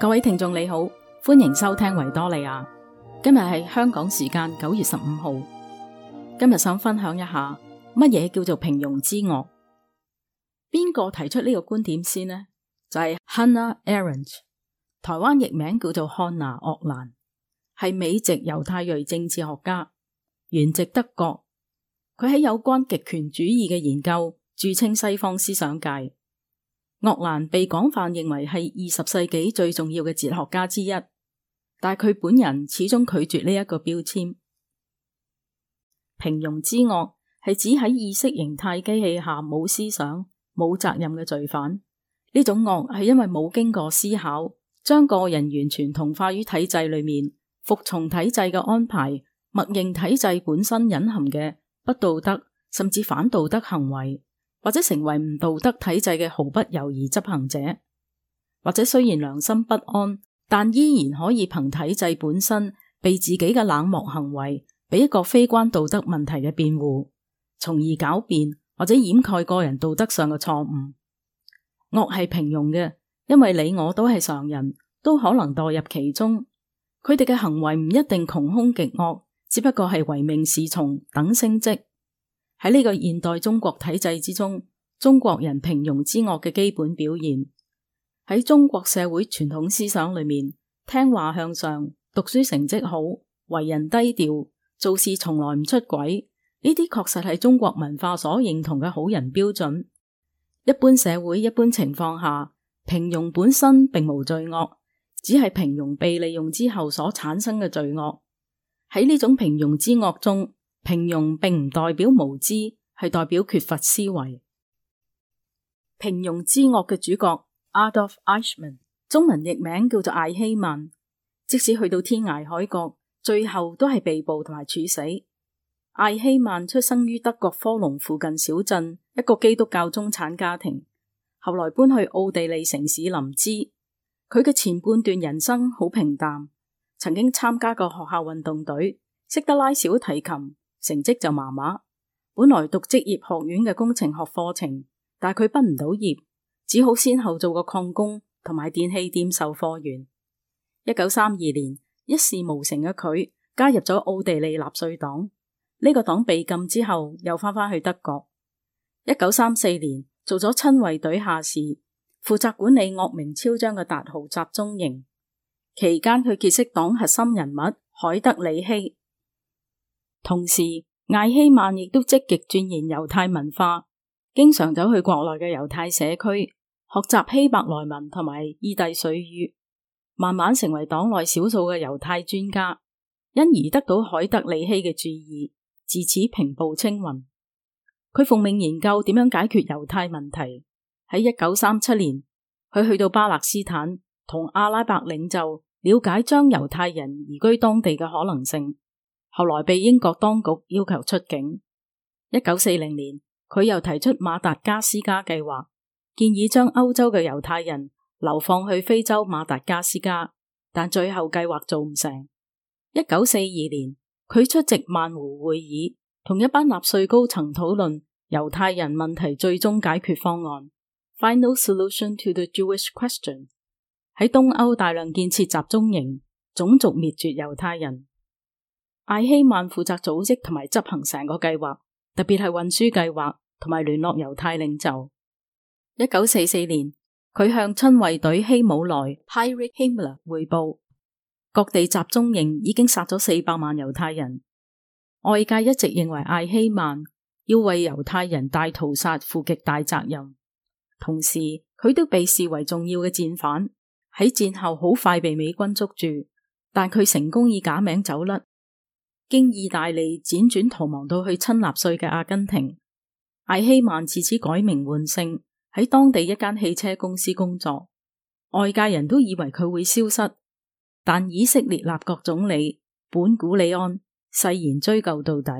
各位聽眾你好，歡迎收聽維多利亞。今日係香港時間九月十五號。今日想分享一下乜嘢叫做平庸之惡，邊個提出呢個觀點先呢？就係 Hannah Arendt，Ar 台灣譯名叫做漢娜·鄂蘭，係美籍猶太裔政治學家，原籍德國。佢喺有關極權主義嘅研究，著稱西方思想界。鄂蘭被廣泛認為係二十世紀最重要嘅哲學家之一，但佢本人始終拒絕呢一個標籤。平庸之惡係指喺意識形態機器下冇思想、冇責任嘅罪犯。呢種惡係因為冇經過思考，將個人完全同化於體制裏面，服從體制嘅安排，默認體制本身隱含嘅不道德，甚至反道德行為，或者成為唔道德體制嘅毫不猶豫執行者，或者雖然良心不安，但依然可以憑體制本身，被自己嘅冷漠行為，俾一個非關道德問題嘅辯護，從而狡辯，或者掩蓋個人道德上嘅錯誤。惡係平庸嘅，因為你我都係常人，都可能墮入其中。佢哋嘅行為唔一定窮凶極惡，只不過係唯命是從，等升職。喺呢個現代中國體制之中，中國人平庸之惡嘅基本表現，喺中國社會傳統思想裏面，聽話向上，讀書成績好，為人低調，做事從來唔出軌，呢啲確實係中國文化所認同嘅好人標準。一般社會一般情況下，平庸本身並無罪惡，只係平庸被利用之後所產生嘅罪惡。喺呢種平庸之惡中，平庸並唔代表無知，係代表缺乏思維。平庸之惡嘅主角，Adolf Eichmann，中文譯名叫做艾希曼，即使去到天涯海角，最後都係被捕同埋處死。艾希曼出生於德國科隆附近小鎮一個基督教中產家庭，後來搬去奧地利城市林茲。佢嘅前半段人生好平淡，曾經參加過學校運動隊，識得拉小提琴，成績就麻麻。本來讀職業學院嘅工程學課程，但佢畢唔到業，只好先後做過礦工同埋電器店售貨員。一九三二年，一事無成嘅佢加入咗奧地利納粹黨。呢個黨被禁之後，又翻返去德國。一九三四年，做咗親衛隊下士，負責管理惡名昭彰嘅達豪集中營。期間，佢結識黨核心人物海德里希。同時，艾希曼亦都積極鑽研猶太文化，經常走去國內嘅猶太社區學習希伯來文同埋意第緒語，慢慢成為黨內少數嘅猶太專家，因而得到海德里希嘅注意。自此平步青雲，佢奉命研究點樣解決猶太問題。喺一九三七年，佢去到巴勒斯坦，同阿拉伯領袖了解將猶太人移居當地嘅可能性。後來被英國當局要求出境。一九四零年，佢又提出馬達加斯加計劃，建議將歐洲嘅猶太人流放去非洲馬達加斯加，但最後計劃做唔成。一九四二年，佢出席萬湖會議，同一班納粹高層討論猶太人問題最終解決方案 （Final Solution to the Jewish Question）。喺東歐大量建設集中營，種族滅絕猶太人。艾希曼負責組織同埋執行成個計劃，特別係運輸計劃同埋聯絡猶太領袖。一九四四年，佢向親衛隊希姆萊 h e i r i c h Himmler） 匯報。各地集中營已經殺咗四百萬猶太人，外界一直認為艾希曼要為猶太人大屠殺負極大責任，同時佢都被視為重要嘅戰犯，喺戰後好快被美軍捉住，但佢成功以假名走甩，經意大利輾轉逃亡到去親納粹嘅阿根廷，艾希曼自此改名換姓，喺當地一間汽車公司工作，外界人都以為佢會消失。但以色列立國總理本古里安誓言追究到底。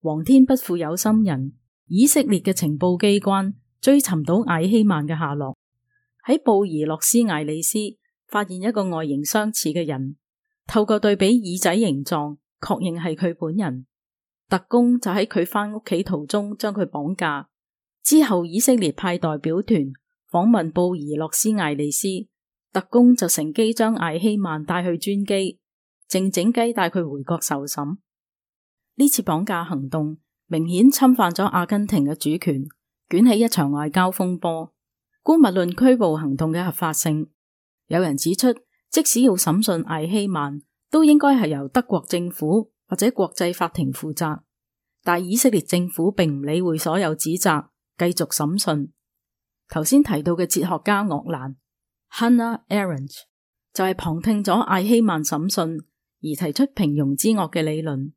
皇天不負有心人，以色列嘅情報機關追尋到艾希曼嘅下落，喺布宜諾斯艾利斯發現一個外形相似嘅人，透過對比耳仔形狀，確認係佢本人。特工就喺佢返屋企途中將佢綁架。之後，以色列派代表團訪問布宜諾斯艾利斯。特工就乘機將艾希曼帶去專機，靜靜雞帶佢回國受審。呢次綁架行動明顯侵犯咗阿根廷嘅主權，捲起一場外交風波。姑勿論拘捕行動嘅合法性，有人指出，即使要審訊艾希曼，都應該係由德國政府或者國際法庭負責。但以色列政府並唔理會所有指責，繼續審訊。頭先提到嘅哲學家鄂蘭。Hannah Arendt 就係旁聽咗艾希曼審訊而提出平庸之惡嘅理論。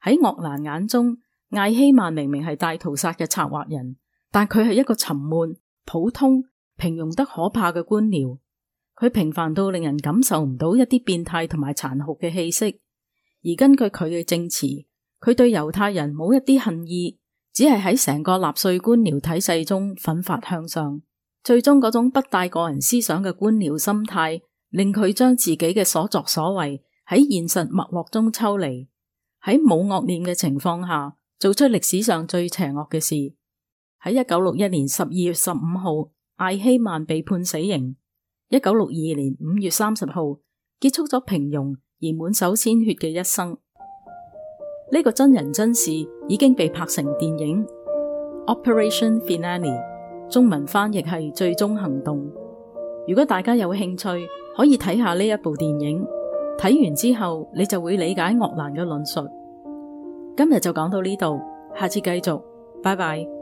喺鄂蘭眼中，艾希曼明明係大屠殺嘅策劃人，但佢係一個沉悶、普通、平庸得可怕嘅官僚。佢平凡到令人感受唔到一啲變態同埋殘酷嘅氣息。而根據佢嘅證詞，佢對猶太人冇一啲恨意，只係喺成個納粹官僚體系中奮發向上。最終嗰種不帶個人思想嘅官僚心態，令佢將自己嘅所作所為喺現實脈絡中抽離，喺冇惡念嘅情況下，做出歷史上最邪惡嘅事。喺一九六一年十二月十五號，艾希曼被判死刑。一九六二年五月三十號，結束咗平庸而滿手鮮血嘅一生。呢、這個真人真事已經被拍成電影《Operation Finale》。中文翻譯係最終行動。如果大家有興趣，可以睇下呢一部電影。睇完之後，你就會理解鄂蘭嘅論述。今日就講到呢度，下次繼續，拜拜。